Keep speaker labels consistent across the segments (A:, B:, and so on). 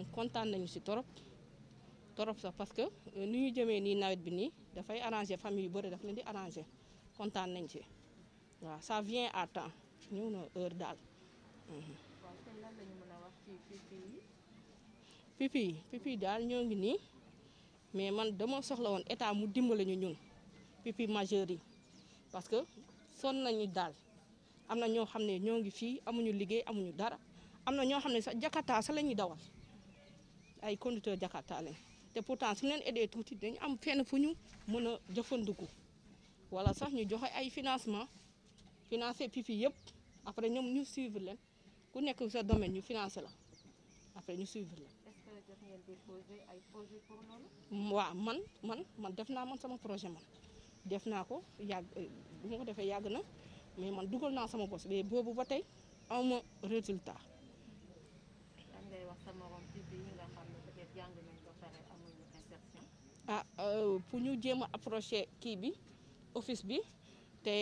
A: moom kontaan nañu si torop torop sax parce que euh, ni ñu jëmee nii nawet bi nii dafay arranger famille yu bëri daf leen di arranger kontaan nañ ci waaw ça vient à temps ñëw na heure daal. waaw mhm.
B: kon
A: pipi pipi daal ñoo ngi nii mais man dama soxla woon état mu dimbale ñu ñun pipi majeur yi parce que sonn nañu daal am na ñoo xam ne ñoo ngi fii amuñu liggéey amuñu dara am na ñoo xam ne sax jakarta sa la ñuy dawal. ay conducteur jakarta te pourtant suñ leen dee tuuti dañu am fenn fu ñu mën a jëfandiku wala sax ñu joxe ay financement financé pipi yëpp après ñoom ñu suivre leen ku nekk sa domaine ñu financé la après ñu suivre la.
C: que def ngeen déposé ay projet
A: mm, man man man def naa man sama projet man def naa ko yàgg euh, bu ko defee yàgg na mais man dugal naa sama bos mais boobu ba tey aw ma résultat.
D: sa jàng nañ
A: ah pour euh, ñu jéem a approché kii bi office bi te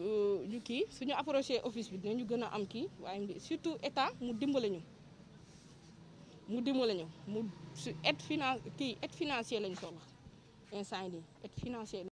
A: euh, ñu kii suñu approché office bi dinañu gën a am kii waaye surtout état mu dimbale ñu mu dimbale ñu mu su aide finance kii aide financier lañu soxla instant yii aide financière.